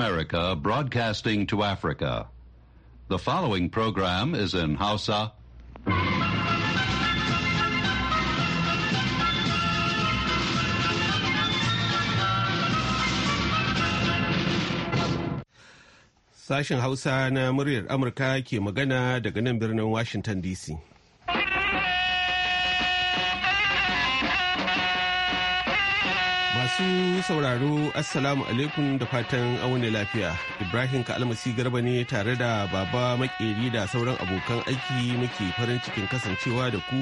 America broadcasting to Africa. The following program is in Hausa. Sashen Hausa na muryar Amurka ke magana daga nan birnin Washington DC. sauraro assalamu alaikum da fatan auna lafiya ibrahim kalmasi garba ne tare da baba makeri da sauran abokan aiki muke farin cikin kasancewa da ku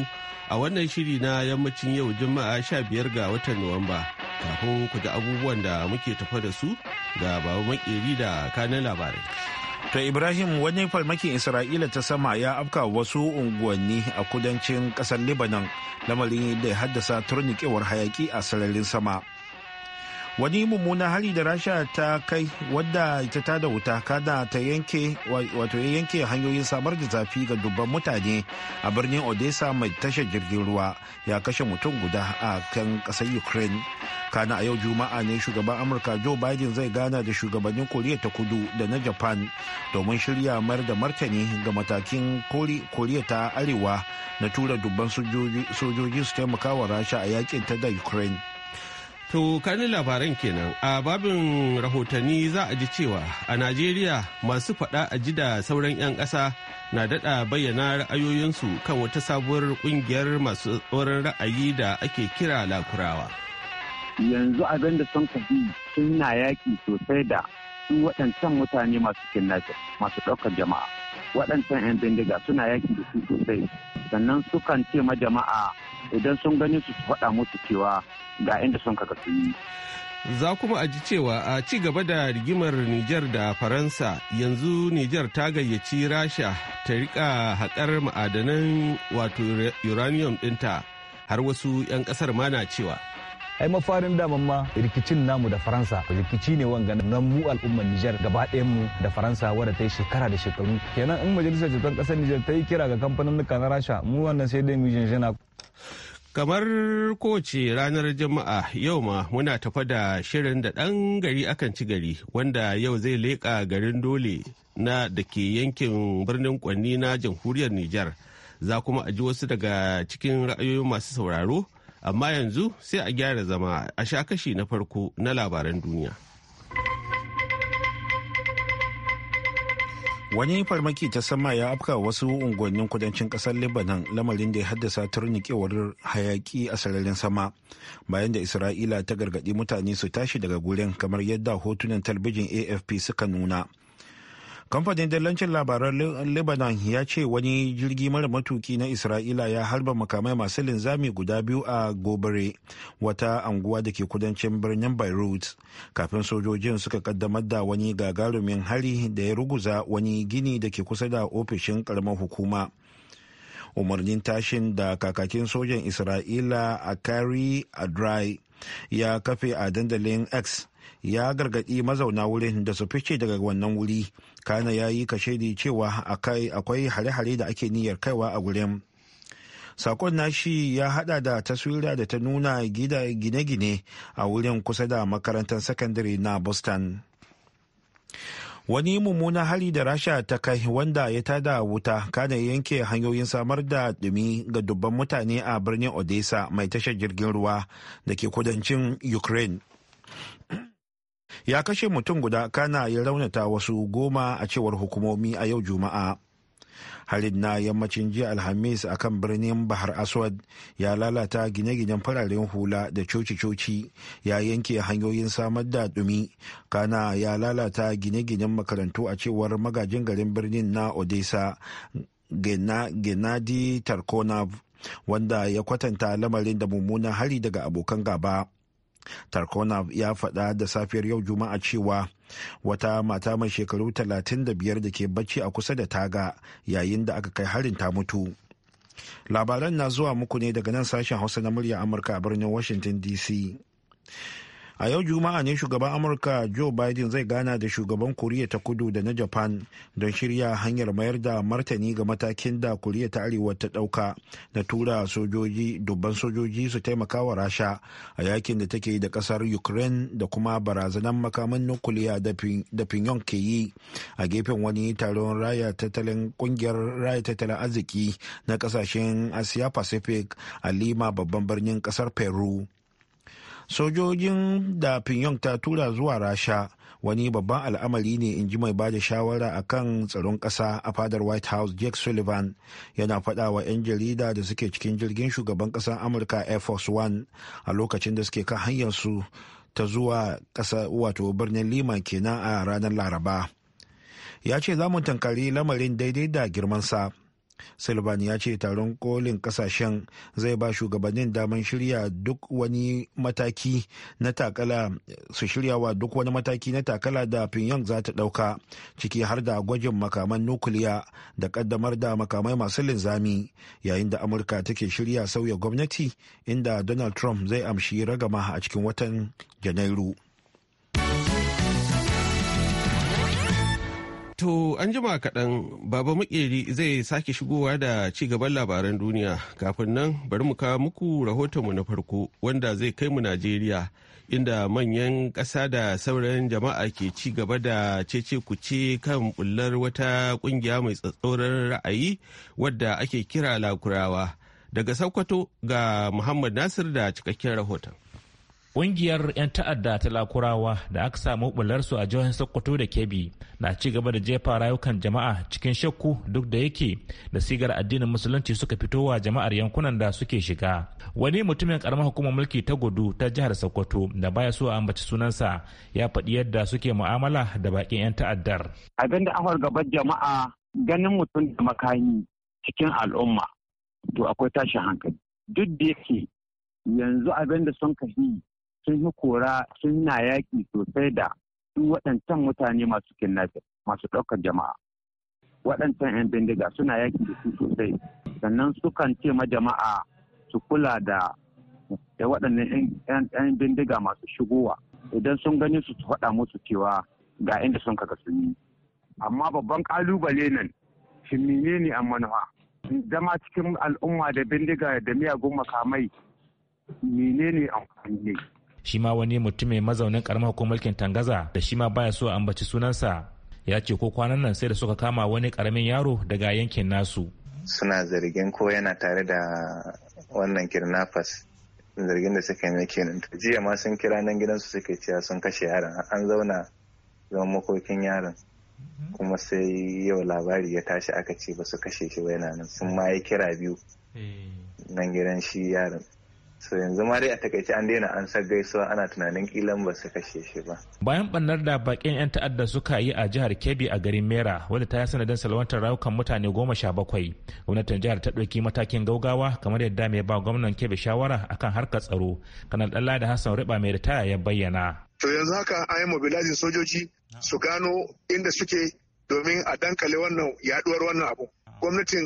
a wannan shiri na yammacin yau juma'a 15 ga watan nuwamba kafin ku da abubuwan da muke tafa da su ga baba makeri da kanan labarai To Ibrahim wani farmakin Isra'ila ta sama ya afka wasu unguwanni a kudancin kasar Lebanon lamarin da ya haddasa turnikewar hayaki a sararin sama. wani mummunan hari da rasha ta kai wadda ita ta da wuta kada ta yanke wato ya yanke hanyoyin samar da zafi ga dubban mutane a birnin odessa mai tashar jirgin ruwa ya kashe mutum guda a kan kasar ukraine kana a yau juma'a ne shugaban amurka joe biden zai gana da shugabannin koriya ta kudu da na japan domin shirya mayar da martani ga matakin koriya ta arewa na tura dubban sojoji su taimaka wa rasha a yakin ta da ukraine To kanin labaran kenan a babin rahotanni za a ji cewa a Najeriya masu faɗa a ji da sauran 'yan ƙasa na daɗa bayyana ra'ayoyinsu kan wata sabuwar ƙungiyar masu tsoron ra'ayi da ake kira lakurawa. Yanzu abin da sun kafi suna yaƙi sosai da su waɗancan mutane masu kinnata masu ɗaukar jama'a. Waɗancan 'yan bindiga suna yaƙi da su sosai sannan sukan ce ma jama'a idan sun gani su faɗa musu cewa ga inda sun kaga su yi. Za kuma aji cewa a ci gaba da rigimar Nijar da Faransa yanzu Nijar ta gayyaci Rasha ta riƙa haƙar ma'adanan wato uranium ɗinta har wasu 'yan ƙasar ma na cewa. ai mafarin daman ma rikicin namu da faransa rikici ne wanga na mu al'ummar nijar gaba ɗayan mu da faransa wadda ta yi shekara da shekaru kenan in majalisar jiton ƙasar nijar ta yi kira ga kamfanin na rasha mu wannan sai dai mu jinjina kamar kowace ranar jama'a yau ma muna tafa da shirin da dan gari akan ci gari wanda yau zai leka garin dole na da ke yankin birnin kwanni na jamhuriyar nijar za kuma a ji wasu daga cikin ra'ayoyin masu sauraro amma yanzu sai a gyara zama a sha kashi na farko na labaran duniya. Wani farmaki ta sama ya afka wasu unguwannin kudancin kasar Lebanon lamarin da ya haddasa turnikewar hayaki a sararin sama bayan da Isra'ila ta gargaɗi mutane su tashi daga gurin kamar yadda hotunan talbijin AFP suka nuna. kamfanin dillancin labaran lebanon ya ce wani jirgi mara matuki na isra'ila ya harba makamai masu linzami guda biyu a gobere wata anguwa da ke kudancin birnin beirut kafin sojojin suka kaddamar da wani gagarumin hari da ya ruguza wani gini da ke kusa da ofishin karamar hukuma umarnin tashin da kakakin sojan isra'ila a kari adrai ya kafe a dandalin x ya gargadi mazauna wurin da su fice daga wannan wuri kana ya yi kashedi cewa akwai hare-hare da ake niyyar kaiwa a gurin sakon nashi ya hada da taswira da ta nuna gida gine-gine a wurin kusa da makarantar sakandare na boston wani mummunan hari da rasha ta kai wanda ya tada wuta kana yanke hanyoyin samar da dumi ga dubban mutane a birnin odessa mai tashar jirgin ruwa da ke kudancin ukraine ya kashe mutum guda kana ya raunata wasu goma a cewar hukumomi a yau juma'a harin na yammacin jiya alhamis a kan birnin bahar aswad ya lalata gine-ginen fararen hula da coci-coci ya yanke hanyoyin samar da dumi kana ya lalata gine-ginen makarantu a cewar magajin garin birnin na odessa gennady tarkonov wanda ya kwatanta lamarin da mummunan hari daga abokan gaba tarkonov ya faɗa da safiyar yau juma'a cewa wata mata mai shekaru 35 da ke bacci a kusa da taga yayin da aka kai harin ta mutu labaran na zuwa muku ne daga nan sashen hausa na murya amurka a birnin washington dc a yau juma'a ne shugaban amurka joe biden zai gana da shugaban koriya ta kudu da na japan don shirya hanyar mayar da martani ga matakin da koriya ta arewa ta dauka na tura sojoji dubban sojoji su taimaka wa rasha a yakin da take da kasar ukraine da kuma barazanan makaman nukuliya da pinyon ke yi a gefen wani taron raya tattalin kungiyar raya tattalin arziki na kasashen asia pacific a lima babban birnin kasar peru sojojin da pyongyang ta tura zuwa rasha wani babban al'amari ne in ji mai ba da shawara a kan tsaron ƙasa a fadar white house jake sullivan yana faɗa wa 'yan jarida da suke cikin jirgin shugaban ƙasar amurka air force one a lokacin da suke kan hanyarsu ta zuwa ƙasa wato birnin lima kenan a ranar laraba ya ce za mu tankari lamarin daidai da girmansa Sullivan ya ce taron kolin kasashen zai ba shugabannin daman shirya duk wani mataki na takala su shiryawa duk wani mataki na takala da Pyongyang za ta ɗauka ciki har da gwajin makaman nukiliya da ƙaddamar da makamai masu linzami yayin da Amurka take shirya sauya gwamnati inda Donald Trump zai amshi ragama a cikin watan Janairu. To an jima kaɗan Baba Makeri zai sake shigowa da ci gaban labaran duniya kafin nan bari mu kawo muku rahotonmu na farko wanda zai kai mu Najeriya inda manyan ƙasa da sauran jama'a ke ci gaba da cece ce kan bullar wata ƙungiya mai tsatsauran ra'ayi wadda ake kira lakurawa. Daga Sokoto ga Muhammad Nasir da cikakken rahoton. Ƙungiyar 'yan ta'adda ta lakurawa da aka samu bularsu a jihar Sokoto da Kebbi na ci gaba da jefa rayukan jama'a cikin shakku duk da yake da sigar addinin musulunci suka fito wa jama'ar yankunan da suke shiga. Wani mutumin karamar hukumar mulki ta gudu ta jihar Sokoto da baya so a ambaci sunansa ya faɗi yadda suke mu'amala da baƙin 'yan ta'addar. Abin da an gabar jama'a ganin mutum da makami cikin al'umma to akwai tashin hankali. Duk da yake yanzu abin da sun kafi sun yi kora sun na yaƙi sosai da duk waɗancan mutane masu kidnapping masu ɗaukar jama'a waɗancan 'yan bindiga suna yaƙi da su sosai sannan sukan ce ma jama'a su kula da da waɗannan 'yan bindiga masu shigowa idan sun gani su faɗa musu cewa ga inda sun kaga sun yi amma babban ƙalubale nan shi menene a manufa zama cikin al'umma da bindiga da miyagun makamai menene amfani ne shi ma wani mutum mazaunin karamar hukumar mulkin tangaza da shi ma baya so a ambaci sunansa ya ce ko kwanan nan sai da suka kama wani karamin yaro daga yankin nasu suna zargin ko yana tare da wannan kidnappers zargin da suka yi kenan jiya ma sun kira nan gidansu suke cewa sun kashe yaron an zauna zaman makokin yaron kuma sai yau labari ya tashi aka ce ba su kashe shi ba yana nan sun ma yi kira biyu eh. nan gidan shi yaron so yanzu ma dai a takaice an daina an san gaisuwa ana tunanin kilan ba su kashe shi ba bayan bannar da bakin yan ta'adda suka yi a jihar kebbi a garin mera wadda ta yi sanadin salwantar rayukan mutane goma sha bakwai gwamnatin jihar ta ɗauki matakin gaugawa kamar yadda mai ba gwamnan kebbi shawara akan harkar tsaro kanal ɗalla da hassan riba mai ritaya ya bayyana to yanzu haka an yi mobilizing sojoji su gano inda suke domin a dankale wannan yaduwar wannan abu gwamnatin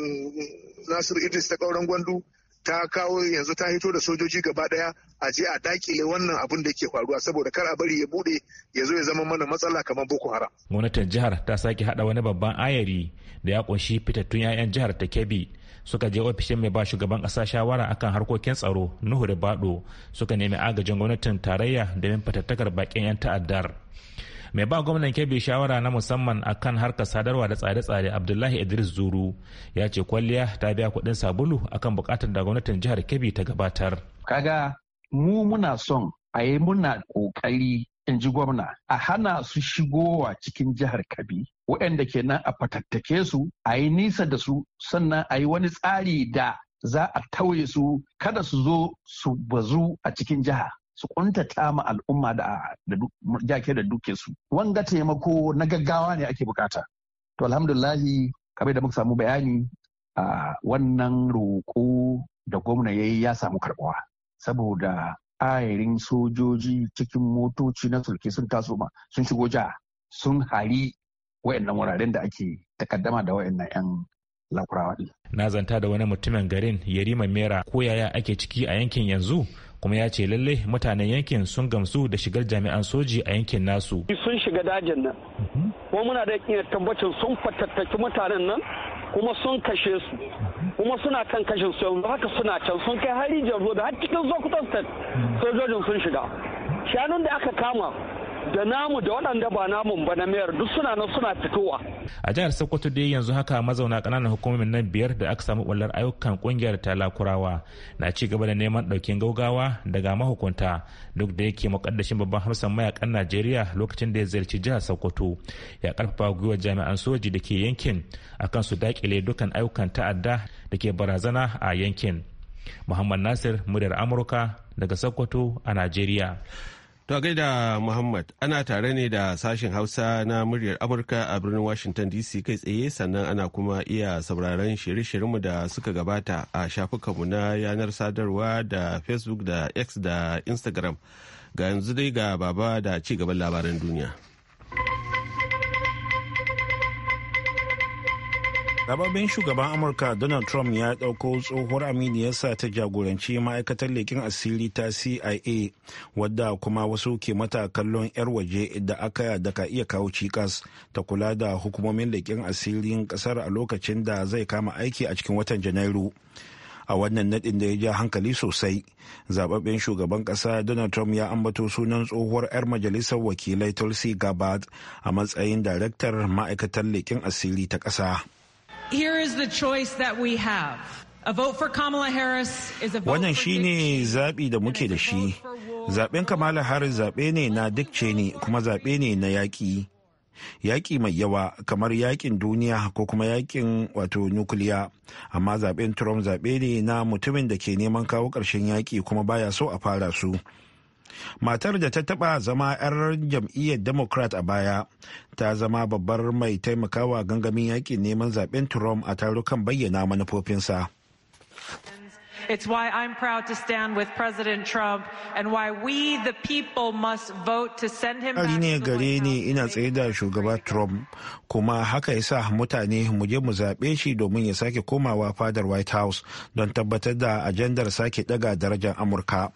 nasiru idris ta kauran gwandu ta kawo yanzu ta hito da sojoji gaba daya a je a dakile wannan abun da ke faruwa saboda kar a bari ya bude ya zo ya zama mana matsala kamar boko haram gwamnatin jihar ta sake hada wani babban ayari da ya kunshi fitattun 'ya'yan jihar ta kebbi suka je ofishin mai ba shugaban kasa shawara akan harkokin tsaro nuhu da bado suka nemi agajin gwamnatin tarayya domin fatattakar bakin 'yan ta'addar mai ba gwamnan kebe shawara na musamman akan harkar sadarwa da tsare-tsare abdullahi idris zuru ya ce kwalliya ta biya kuɗin sabulu akan bukatar da gwamnatin jihar Kebbi ta gabatar kaga mu muna son a yi muna ƙoƙari in ji gwamna a hana su shigowa cikin jihar kabi waɗanda ke nan a fatattake su a yi nisa da su sannan a yi wani tsari da za a tauye su kada su zo su bazu a cikin jiha su kuntata ma al'umma da jake da duke su wanga taimako na gaggawa ne ake bukata to alhamdulillahi kamar da muka samu bayani a wannan roƙo da gwamna ya yi ya samu karbuwa. saboda ayarin sojoji cikin motoci na sulke sun taso ma sun shigo ja sun hari wayannan wuraren da ake takaddama da wayannan 'yan lakurawa na zanta da wani mutumin garin yarima mera ko yaya ake ciki a yankin yanzu kuma ya ce lalle mutanen yankin sun gamsu da shigar jami'an soji a yankin nasu sun shiga dajin nan mhm. kuma muna da yakin tabbacin sun fatattaki mutanen nan kuma sun kashe su mhm. kuma suna kan kashe su yanzu haka suna can sun kai hari jarro da har cikin zokutan mhm. sojojin sun shiga shanun da aka kama da namu da waɗanda ba namun ba na mayar duk suna nan suna fitowa. A jihar Sokoto dai yanzu haka mazauna kananan hukumomin nan biyar da aka samu ɓullar ayyukan ƙungiyar talakurawa na ci gaba da neman ɗaukin gaugawa daga mahukunta duk da yake muƙaddashin babban hamsan mayakan Najeriya lokacin da ya ziyarci jihar Sokoto ya ƙarfafa gwiwar jami'an soji da ke yankin a kan su daƙile dukkan ayyukan ta'adda da ke barazana a yankin. Muhammad Nasir, muryar Amurka daga Sokoto a Najeriya. To gaida Muhammad ana tare ne da sashen Hausa na muryar Amurka a birnin Washington DC kai tsaye sannan ana kuma iya sauraron shirye-shiryenmu da suka gabata a shafukanmu na yanar sadarwa da Facebook da X da Instagram. Ga yanzu dai ga baba da ci gaban labaran duniya. Rababben shugaban Amurka Donald Trump ya ɗauko tsohuwar aminiyarsa ta jagoranci ma'aikatar leƙin asiri ta CIA wadda kuma wasu ke mata kallon 'yar waje da aka da ka iya kawo cikas ta kula da hukumomin leƙen asirin ƙasar a lokacin da zai kama aiki a cikin watan Janairu. a wannan nadin da ya ja hankali sosai zababben shugaban kasa donald trump ya ambato sunan tsohuwar 'yar majalisar wakilai tulsi gabbard a matsayin daraktar ma'aikatar leƙin asiri ta ƙasa. here is the choice that we have. Wannan shi ne zaɓi da muke da shi. Zaɓen Kamala Harris zaɓe ne na dukce ne kuma zaɓe ne na yaƙi. Yaƙi mai yawa kamar yaƙin duniya ko kuma yaƙin wato nukiliya. Amma zaɓen Trump zaɓe ne na mutumin da ke neman kawo ƙarshen yaƙi kuma baya so a fara su. matar da ta taba zama 'yar jam'iyyar democrat a baya ta zama babbar mai taimakawa gangamin yakin neman zaben trump a tarukan bayyana manufofinsa It's why I'm proud to stand with President Trump and why we the people must vote to send him back ne gare ni ina tsaye da shugaba Trump kuma haka yasa mutane mu je mu zaɓe shi domin ya sake komawa fadar White House don tabbatar da ajandar sake daga darajar Amurka.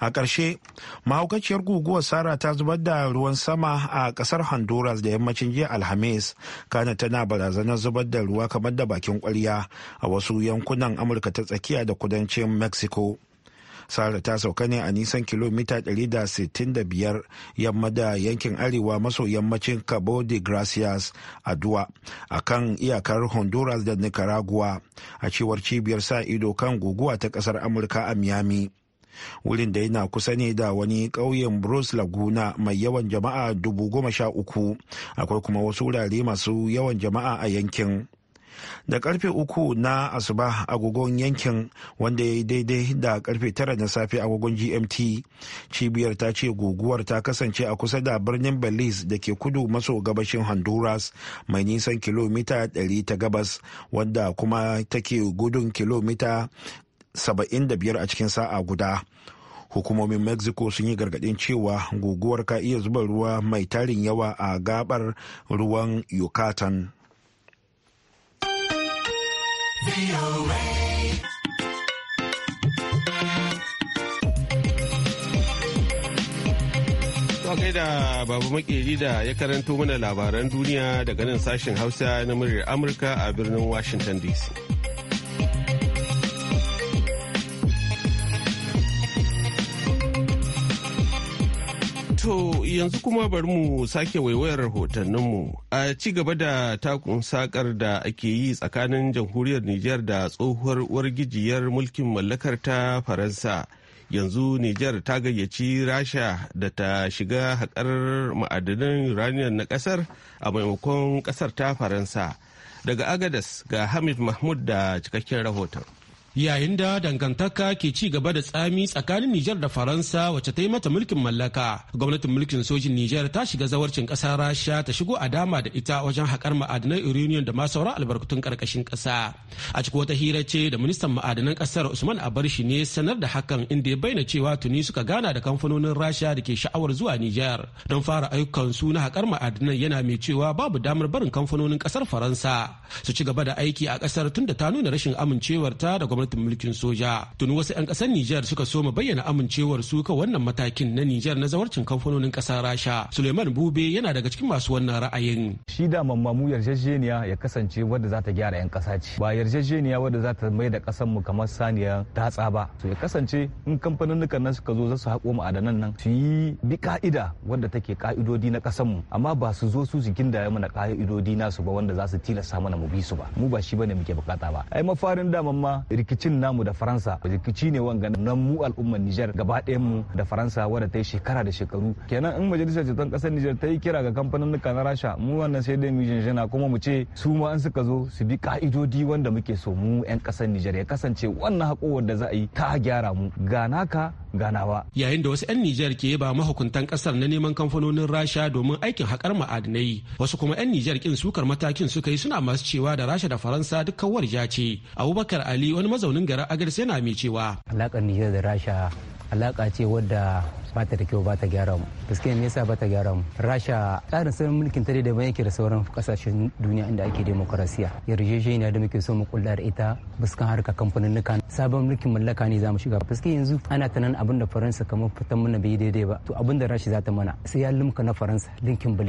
a ƙarshe mahaukaciyar guguwar sara ta zubar da ruwan sama a ƙasar honduras da yammacin jiya alhamis kana tana barazanar zubar da ruwa kamar da bakin kwarya a wasu yankunan amurka ta tsakiya da kudancin mexico sara ta sauka ne a nisan kilomita 165 yamma da yankin arewa maso yammacin cabo de gracias a duwa a kan iyakar honduras da nicaragua a cewar cibiyar sa ido kan guguwa ta kasar amurka a miami wurin da yana kusa ne da wani ƙauyen bruce laguna mai yawan jama'a dubu goma sha uku akwai kuma wasu wurare masu yawan jama'a a yankin da karfe uku na asuba agogon yankin wanda ya yi daidai da karfe tara na safe agogon gmt cibiyar ta ce guguwar ta kasance a kusa da birnin belize da ke kudu maso gabashin honduras mai nisan kilomita 100 ta gabas wanda kuma take gudun kilomita 75 a cikin sa'a guda hukumomin mexico sun yi gargadin cewa guguwar ka iya zuba ruwa mai tarin yawa a gabar ruwan yucatan Kwakai da babu makeri da ya karanto mana labaran duniya daga nan sashen hausa na muryar amurka a birnin washington dc To yanzu kuma bari mu sake waiwayar rahotanninmu a ci gaba da takun sakar da ake yi tsakanin jamhuriyar Nijar da tsohuwar wargijiyar mulkin mallakar ta Faransa. Yanzu Nijar ta gayyaci Rasha da ta shiga haƙar ma'adanan uranium na ƙasar a maimakon ƙasar ta Faransa. Daga Agadas ga Hamid Mahmud da cikakken rahoton. yayin da dangantaka ke ci gaba da tsami tsakanin Nijar da Faransa wacce ta yi mata mulkin mallaka. Gwamnatin mulkin sojin Nijar ta shiga zawarcin ƙasar Rasha ta shigo a dama da ita wajen haƙar ma'adanan uranium da ma sauran albarkatun ƙarƙashin ƙasa. A cikin wata hira ce da ministan ma'adanan kasar Usman Abarshi ne sanar da hakan inda ya bayyana cewa tuni suka gana da kamfanonin Rasha da ke sha'awar zuwa Nijar don fara ayyukan su na haƙar ma'adanan yana mai cewa babu damar barin kamfanonin kasar Faransa su ci gaba da aiki a ƙasar tunda ta nuna rashin amincewarta da gwamnatin mulkin soja tuni wasu 'yan ƙasar Nijar suka soma bayyana amincewar su ka wannan matakin na Nijar na zawarcin kamfanonin ƙasar Rasha Suleiman Bube yana daga cikin masu wannan ra'ayin shi da mamamu yarjejeniya ya kasance wadda za ta gyara 'yan ƙasa ce ba yarjejeniya wadda za ta mai da ƙasar mu kamar saniya tatsa ba to ya kasance in kamfanonukan nan suka zo za su haƙo ma'adanan nan su yi bi ka'ida wadda take ka'idodi na ƙasar mu amma ba su zo su jikin da mana ka'idodi nasu ba wanda za su tilasta mana mu bi su ba mu ba shi bane muke bukata ba ai mafarin da ma rikicin namu da faransa rikici ne wanga nan mu al'ummar nijar gaba ɗayan mu da faransa wadda ta yi shekara da shekaru kenan in majalisar ceton kasar nijar ta yi kira ga kamfanin na rasha mu wannan sai dai mu jinjina kuma mu ce su ma an suka zo su bi ka'idodi wanda muke so mu 'yan kasar nijar ya kasance wannan haƙowar da za a yi ta gyara mu ga naka ganawa. Yayin da wasu 'yan Nijar ke ba mahukuntan kasar na neman kamfanonin Rasha domin aikin haƙar ma'adinai, wasu kuma 'yan Nijar kin sukar matakin suka yi suna masu cewa da Rasha da Faransa duk kawar ce. Abubakar Ali wani mazaunin garin sai yana mai cewa alaƙar nijar da rasha alaƙa ce wadda ba ta da kyau ba ta gyara mu gaskiya me yasa ba ta gyara mu rasha tsarin sauran mulkin ta da yake da sauran kasashen duniya inda ake demokarasiya yarjejeniya da muke so mu kulla da ita buskan harka kamfanin kamfaninnika sabon mulkin mallaka ne za mu shiga gaskiya yanzu ana ta nan abin da faransa kamar fitan mana bai daidai ba to abin da rasha za ta mana sai ya limka na faransa linkin ba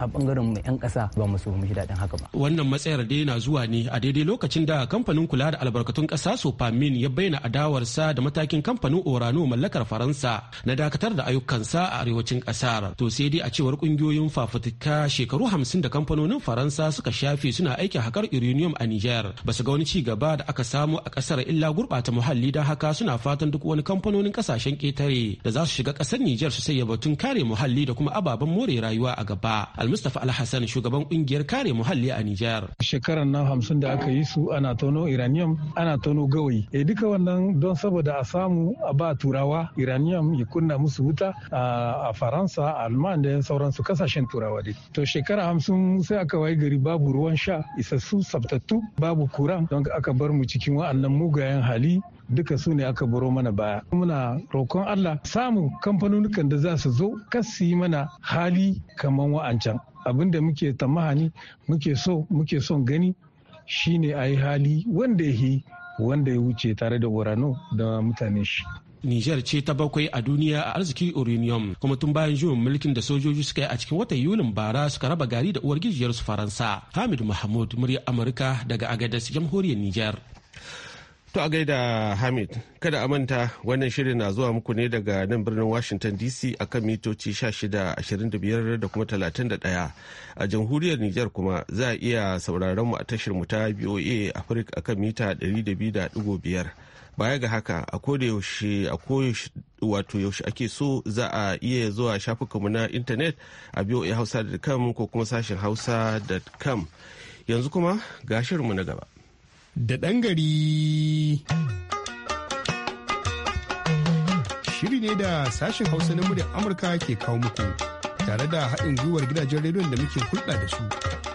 a bangaren mu yan kasa ba mu so mu ji daɗin haka ba wannan matsayar dai na zuwa ne a daidai lokacin da kamfanin kula da albarkatun ƙasa sofamin ya bayyana adawarsa da matakin kamfanin orano mallakar faransa na dakatar dakatar da ayyukansa a arewacin kasar to sai dai a cewar kungiyoyin fafutuka shekaru hamsin da kamfanonin faransa suka shafe suna aiki hakar uranium a niger ba su ga wani ci gaba da aka samu a kasar illa gurbata muhalli don haka suna fatan duk wani kamfanonin kasashen ketare da za su shiga kasar niger su sayya batun kare muhalli da kuma ababen more rayuwa a gaba almustafa alhassan shugaban kungiyar kare muhalli a niger Shekaran nan hamsin da aka yi su ana tono uranium ana tono gawayi e duka wannan don saboda a samu a ba turawa uranium ya kunna musu su wuta a faransa a alman da sauransu kasashen turawa dai to shekara hamsin sai aka wayi gari babu ruwan sha isassu sabtattu babu kuran don aka bar mu cikin wa'annan mugayen hali duka su ne aka baro mana baya muna rokon allah samu kamfanonukan da za su zo kasi mana hali kamar wa'ancan abin da muke tamahani muke so muke son gani shine a yi hali wanda ya wanda ya wuce tare da orano da mutane shi Nijar ce ta bakwai a duniya a arziki uranium kuma tun bayan juyin mulkin da sojoji suka yi a cikin watan Yulin bara suka raba gari da uwar gijiyar Faransa. Hamid Mahmud murya Amurka daga Agadez jamhuriyar Nijar. To a gaida Hamid, kada a manta wannan shirin na zuwa muku ne daga nan birnin Washington DC a kan mitoci 1625 da kuma 31. A jamhuriyar Nijar kuma za a iya sauraron mu a tashar mu ta BOA Africa a kan mita 200.5. baya ga haka a yaushe a koyaushe wato yaushe ake so za a iya zuwa shafukanmu na intanet a voahausa.com ko kuma sashen hausa.com yanzu kuma ga shirinmu na gaba da ɗan gari shiri ne da sashen hausa na muryar amurka ke kawo muku tare da haɗin gwiwar gidajen rediyon da muke hulɗa da su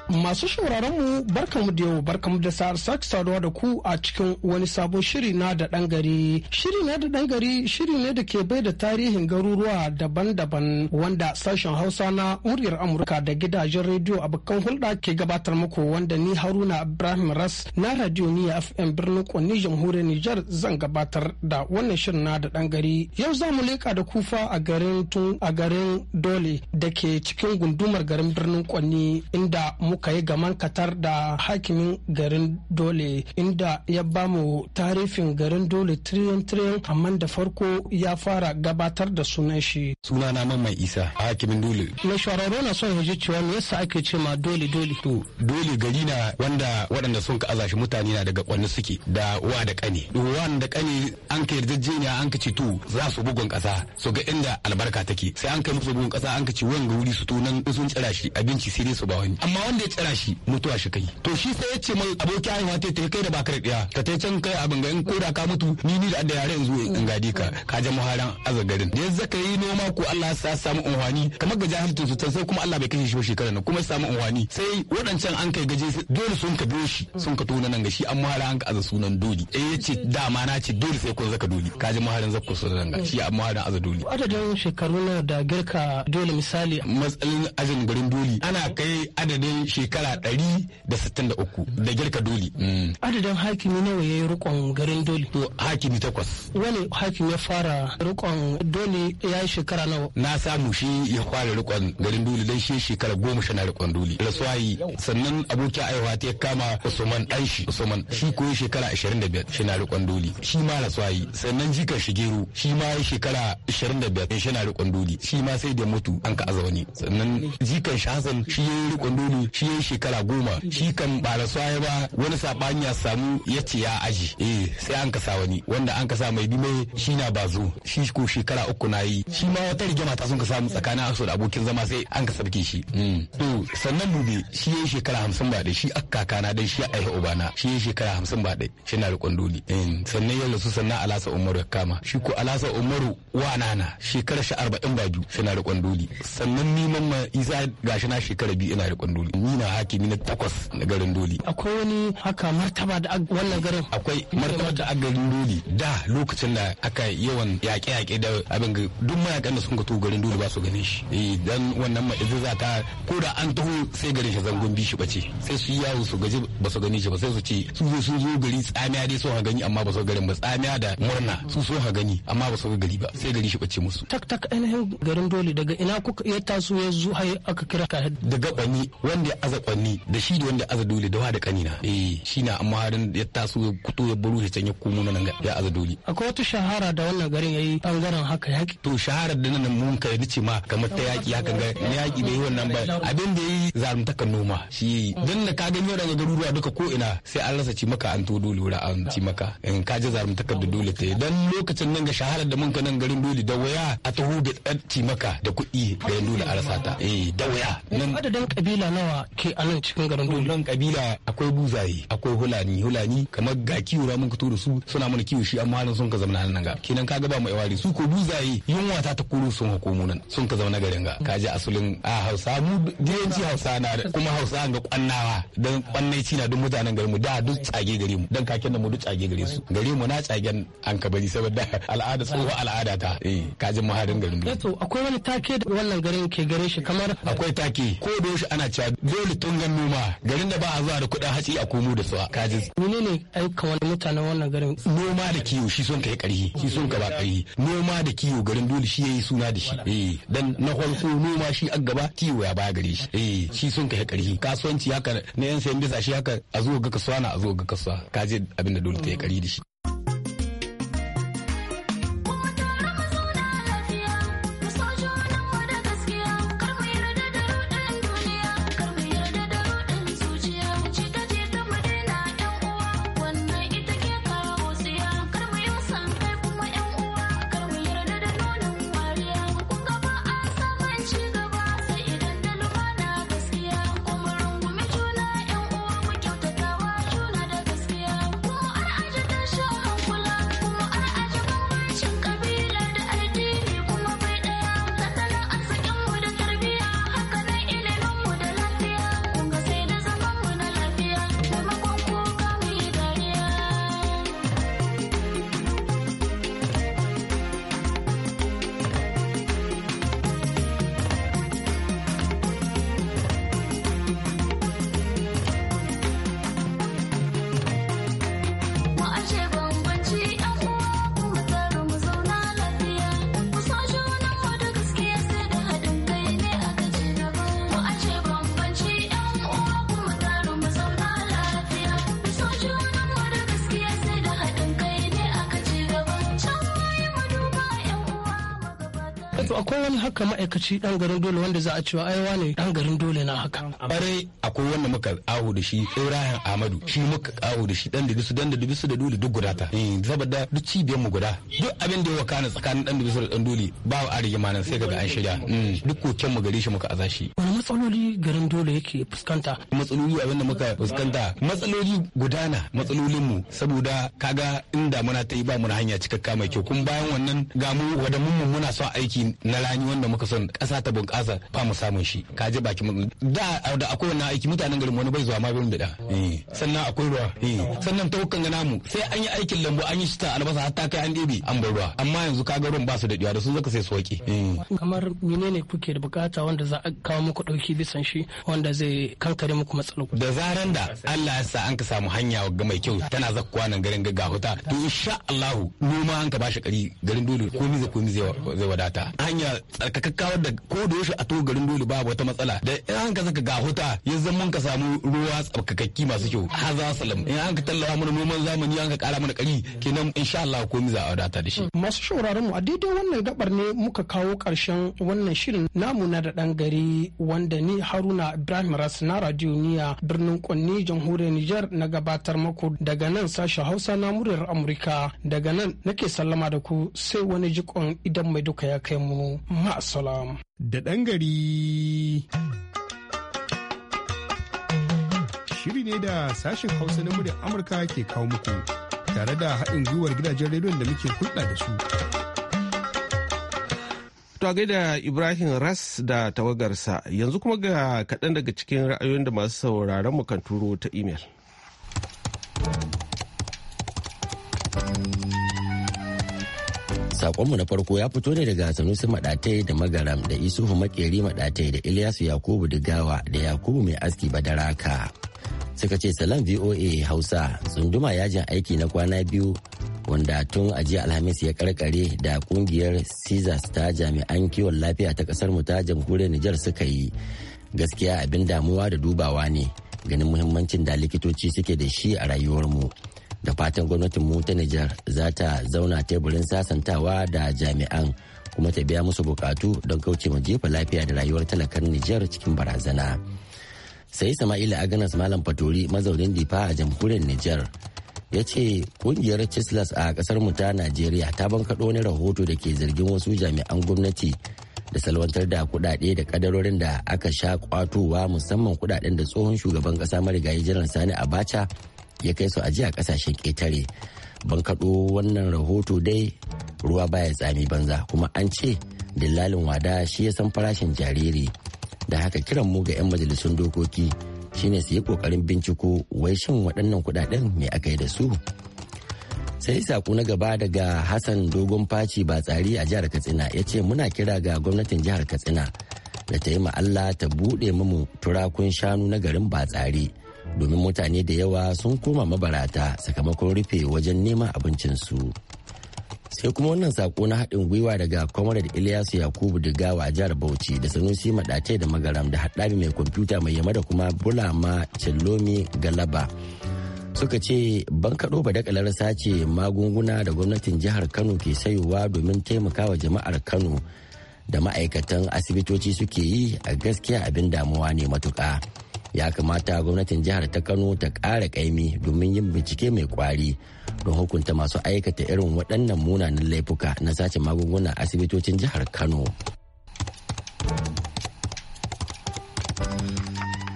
Masu sauraron mu barkamu da yau barkamu da sa'ar sake saduwa da ku a cikin wani sabon shiri na da dan gari. Shiri na da dan gari shiri ne da ke bai da tarihin garuruwa daban-daban wanda sashen Hausa na muryar Amurka da gidajen rediyo a abokan hulɗa ke gabatar muku wanda ni Haruna Ibrahim Ras na Radio Niya FM birnin Kwanni jamhuriyar Niger zan gabatar da wannan shirin na da dan gari. Yau za mu leƙa da kufa a garin tun a garin Dole da ke cikin gundumar garin birnin Kwanni inda mu muka yi gaman katar da hakimin garin dole inda ya bamu tarifin garin dole triyan triyan amma da farko ya fara gabatar da sunan shi na mai isa hakimin dole na shwararo na son yaji cewa me yasa ake ce ma dole dole to dole gari na wanda waɗanda sun ka azashi mutane na daga kwanni suke da wa da kani. wa da kani an ka yarjejeniya an ka ce to za su bugun kasa su ga inda albarka take sai an kai musu bugun kasa an ka ce wanga wuri su to nan sun tsira shi abinci sai dai su ba wani amma wanda zai tsira shi mutuwa shi kai to shi sai ya ce mai aboki haihuwa ta ta kai da bakar ɗaya ka ta can kai abin ga in koda ka mutu ni ni da yare yanzu in gadi ka ka ja muharan azagarin da yanzu ka yi noma ko Allah ya samu unhwani kamar ga jahilcin su sai kuma Allah bai kashe shi ba shekara nan kuma ya samu unhwani sai waɗancan an kai gaje dole sun ka biyo shi sun ka tona nan ga shi an muhara an ka aza sunan doli eh yace ce dama na ce dole sai kun zaka doli ka ji muharin zakku sunan ga shi an muharin aza doli adadin shekaru na da girka dole misali matsalin ajin garin doli ana kai adadin shekara ɗari da sittin da uku da girka doli. Mm. Adadin hakimi nawa ya yi rikon garin doli? To hakimi takwas. Wani hakimi ya fara rikon doli ya yi shekara nawa? Na samu shi ya fara rikon garin doli dan shi shekara goma shana na rikon doli. Rasuwayi sannan abokin aiwa ta kama Usman shi Usman shi koyi shekara ashirin da biyar shi rukon rikon doli. Shi ma rasuwayi sannan jikan shigeru shi ma ya shekara ashirin da biyar shi rukon rikon doli. Shi ma sai da mutu an ka azawani. sannan jikan shi Hassan shi ya yi rikon doli shi shi yi shekara goma shi kan ba ya ba wani sabani ya samu ya ce ya aji eh sai an kasa wani wanda an kasa mai dume shi na bazo shi ko shekara uku na yi shi ma wata rigima ta sun ka mu tsakanin aso da abokin zama sai an ka sarki shi mm. to sannan dube shi ya shekara hamsin ba shi a kakana dai shi aihe ubana shi ya shekara hamsin ba dai shi na rikon doli mm. sannan ya rasu sannan alasa umaru ya kama shi ko alasa umaru wa nana shekara shi arba'in ba biyu shi na rikon doli sannan ni mamma isa gashi na shekara biyu ina rikon doli ni na hakimi na takwas na garin doli akwai wani haka martaba da wannan garin akwai martaba da garin doli da lokacin da aka yawan yaƙe-yaƙe da abin duk mayakan da sun ka to garin doli ba su ganin shi eh, dan wannan za ta ko da an taho sai garin shi zangon bishi bace sai su yawo su gaji ba su gani shi ba sai su ce su zo sun zo gari tsamiya dai sun ha gani amma ba su garin ba tsamiya da murna su sun ha gani amma ba su gari ba sai gari shi bace musu tak tak ainihin garin doli daga ina kuka ya taso ya zo aka kira ka daga bani wanda aza kwanni da shi da wanda aza dole da wa da kanina eh shi na amma har ya taso ya kuto ya baro shi can ya komo nan ga ya aza dole akwai wata shahara da wannan garin yayi bangaren haka yaki to shahara da nan mun ka ni ce ma kamar ta yaki haka ga yaki bai wannan ba abin da yayi zarumtaka noma shi dan da ka gani daga garuruwa duka ko ina sai an rasa ci maka an to dole wura an ci maka in ka ji zarumtaka da dole ta dan lokacin nan ga shahara da mun ka nan garin dole da waya a taho da ci maka da kuɗi ga dole a rasa ta eh da waya nan adadin kabila nawa ke nan cikin garin dole nan kabila akwai buzaye akwai hulani hulani kamar ga kiwo ra mun fito da su suna mana kiwo shi amma halin sun ka zama nan ga kenan ka ga ba mu yawari su ko buzaye yunwa ta ta koro sun hako mu nan sun ka zama garin ga ka ji asulin a Hausa mu diyanci Hausa na kuma Hausa ga kwannawa dan kwannai na duk mutanen garin mu da duk tsage gare mu dan kakin da mu duk tsage gare su gare mu na tsagen an ka bari saboda al'ada tsoho al'ada ta eh ka ji harin garin mu eh akwai wani take da wannan garin ke gare shi kamar akwai take ko da yaushe ana cewa dole gan noma garin da ba a zuwa da kuɗin hatsi a komo da su a kajin. Mene ne aika wani mutanen wannan garin? Noma da kiwo shi sun yi ƙarhi shi sun ka ba ƙarhi noma da kiwo garin dole shi yayi suna da shi. Eh dan na farko noma shi a gaba kiwo ya baya gare shi. Eh shi ka yi ƙarhi kasuwanci haka na yan sayan bisa shi haka a zo ga kasuwa na a zo ga kasuwa kaje abin da dole ta yi ƙarhi da shi. akwai wani haka ma'aikaci dan garin dole wanda za a cewa ai wane dan garin dole na haka bare akwai wanda muka aho da shi Ibrahim Amadu shi muka aho da shi dan da bisu dan da bisu da dole duk guda ta eh, saboda duk cibiyar mu guda duk abin da ya wakana tsakanin dan da bisu da dole ba a rigima nan sai kaga an shirya hmm, duk koken mu gare shi muka aza shi matsaloli garin dole yake fuskanta matsaloli abinda muka fuskanta matsaloli gudana matsalolin mu saboda kaga in damuna ta yi ba mu hanya cikakka mai kyau kun bayan wannan ga mu wada mun muna son aiki na rani wanda muka son kasa ta bunkasa fa mu samu shi ka je baki mu da da akwai wannan aiki mutanen garin wani bai zuwa ma bin bida eh, sannan akwai ruwa eh, sannan ta tawukan gana mu sai an yi aikin lambu an yi shi ta albasa har ta kai an ɗebe an bar ruwa amma yanzu kaga ruwan ba su da da su zaka sai su wake eh. kamar menene kuke da bukata wanda za a kawo muku ɗauki bisan shi wanda zai kankare muku matsalar da zaran da Allah ya sa an ka samu hanya ga mai kyau tana zakkuwa nan garin ga huta to insha Allah noma an ka bashi kari garin dole komi zai komi zai wadata hanya da ko da yaushe a to garin dole babu wata matsala da in an ka saka ga huta ya zama ka samu ruwa tsarkakakki masu kyau haza salam in an ka tallafa mana noman zamani an ka kara mana kari kenan insha Allah komi za a wadata da shi masu shauraron mu a daidai wannan gabar ne muka kawo karshen wannan shirin namu na da dan gari wa wanda ni haruna ibrahim ras na radio niya birnin kunni jamhuriyar niger na gabatar muku daga nan sashen hausa na muryar amurka daga nan nake sallama da ku sai wani jikon idan mai duka ya kai mu ma'asalam da ɗan gari shiri ne da sashen hausa na muryar amurka ke kawo muku tare da haɗin gwiwar gidajen rediyon da muke hulɗa da su To gaida Ibrahim Ras da tawagarsa yanzu kuma ga kaɗan daga cikin ra'ayoyin da masu sauraron mu kan turo ta imel. Sakonmu na farko ya fito ne daga Sanusi Maɗatai da Magaram da Isufu Makeri Maɗatai da Ilyasu Yakubu Digawa da Yakubu Mai Aski Badaraka. Suka ce salam VOA Hausa tsunduma yajin aiki na kwana biyu wanda tun a jiya alhamis ya karkare da kungiyar caesars ta jami'an kiwon lafiya ta kasar mu ta jamhuriyar nijar suka yi gaskiya abin damuwa da dubawa ne ganin muhimmancin da likitoci suke da shi a rayuwarmu da fatan gwamnatin mu ta nijar za ta zauna teburin sasantawa da jami'an kuma ta biya musu bukatu don kauce ma jefa lafiya da rayuwar talakan nijar cikin barazana sai sama'ila aganas malam fatori mazaunin difa a jamhuriyar nijar ya ce kungiyar chislas a kasar mu ta najeriya ta bankaɗo wani rahoto da ke zargin wasu jami'an gwamnati da salwantar da kuɗaɗe da kadarorin da aka sha kwatowa musamman kuɗaɗen da tsohon shugaban ƙasa marigayi janar sani abacha ya kai su ajiya ƙasashen ƙetare bankaɗo wannan rahoto dai ruwa baya tsami banza kuma an ce dillalin wada shi ya san farashin jariri da haka kiran mu ga 'yan majalisun dokoki shine su yi kokarin binciko wai shin waɗannan kuɗaɗen me aka yi da su sai saƙo na gaba daga hassan dogon faci ba tsari a jihar katsina ya ce muna kira ga gwamnatin jihar katsina da ta yi Allah ta buɗe mamu turakun shanu na garin ba tsari domin mutane da yawa sun koma mabarata sakamakon rufe wajen neman abincinsu. su sai kuma wannan sako na haɗin gwiwa daga comrade ilyasu yakubu digawa a jihar bauchi da sanusi maɗace da magaram da haɗari mai kwamfuta mai yamma da kuma bulama cellomi galaba suka ce ban kaɗo ba larasa ce magunguna da gwamnatin jihar kano ke sayowa domin taimakawa jama'ar kano da ma'aikatan asibitoci suke yi a gaskiya abin damuwa ne matuƙa. ya kamata gwamnatin jihar ta kano ta ƙara ƙaimi domin yin bincike mai kwari don hukunta masu aikata irin waɗannan munanan laifuka na sace magunguna asibitocin jihar kano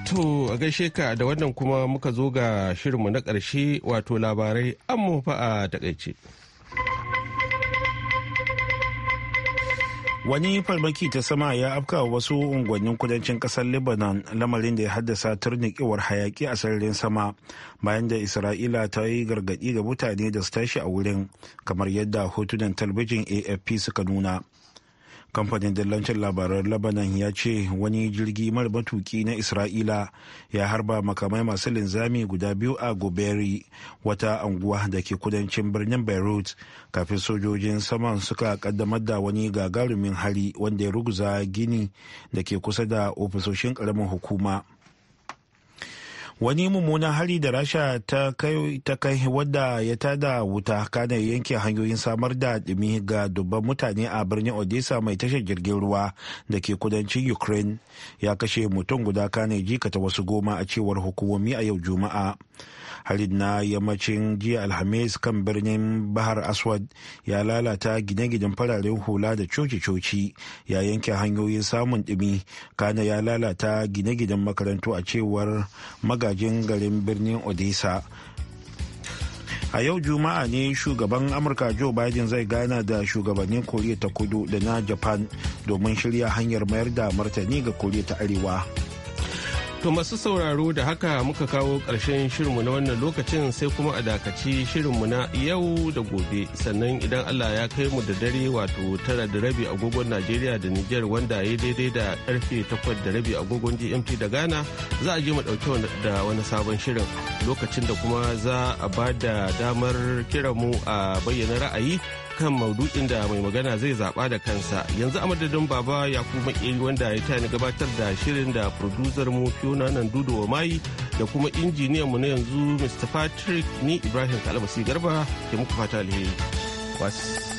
to a gaishe ka da wannan kuma muka zo ga shirinmu na ƙarshe wato labarai an fa a takaice. wani farmaki ta sama ya afka wasu unguwannin kudancin kasar lebanon lamarin da ya haddasa turnikewar hayaki a sararin sama bayan da isra'ila ta yi gargadi ga mutane da su tashi a wurin kamar yadda hotunan talbijin afp suka nuna kamfanin dillancin labaran labanan ya ce wani jirgi mara matuki na isra'ila ya harba makamai masu linzami guda biyu a goberi wata anguwa da ke kudancin birnin beirut kafin sojojin saman suka kaddamar da wani gagarumin hari wanda ya ruguza gini da ke kusa da ofisoshin ƙaramin hukuma. wani mummunan hari da rasha ta kai wadda ya tada wuta kana yanke hanyoyin samar da dumi ga dubban mutane a birnin odessa mai tashar jirgin ruwa da ke kudancin ukraine ya kashe mutum guda kana jikata wasu goma a cewar hukumomi a yau juma'a harin na yammacin jiya alhamis kan birnin bahar aswad ya lalata gine-ginen fararen hula da coci-coci ya yanke hanyoyin samun dumi kana ya lalata gine-ginen makarantu a cewar maga magajin garin birnin odessa a yau juma'a ne shugaban amurka joe biden zai gana da shugabannin koriya ta kudu da na japan domin shirya hanyar mayar da martani ga koriya ta arewa To masu sauraro da haka muka kawo ƙarshen shirinmu na wannan lokacin sai kuma a dakaci shirinmu na yau da gobe sannan idan Allah ya kai mu da dare wato tara da rabi agogon Najeriya da Nijar wanda ya daidai da karfe takwas da rabi agogon GMT da Ghana za a je mu ɗauki da wani sabon shirin lokacin da kuma za a ba da damar kiranmu a bayyana ra'ayi kan maudu'in da mai magana zai zaɓa da kansa yanzu a madadin baba ya kuma makeri wanda ya tani gabatar da shirin da producer mu fiona nan dudu wa mayi da kuma injiniyan mu na yanzu mr patrick ni ibrahim kalabasi garba ke muku fata alheri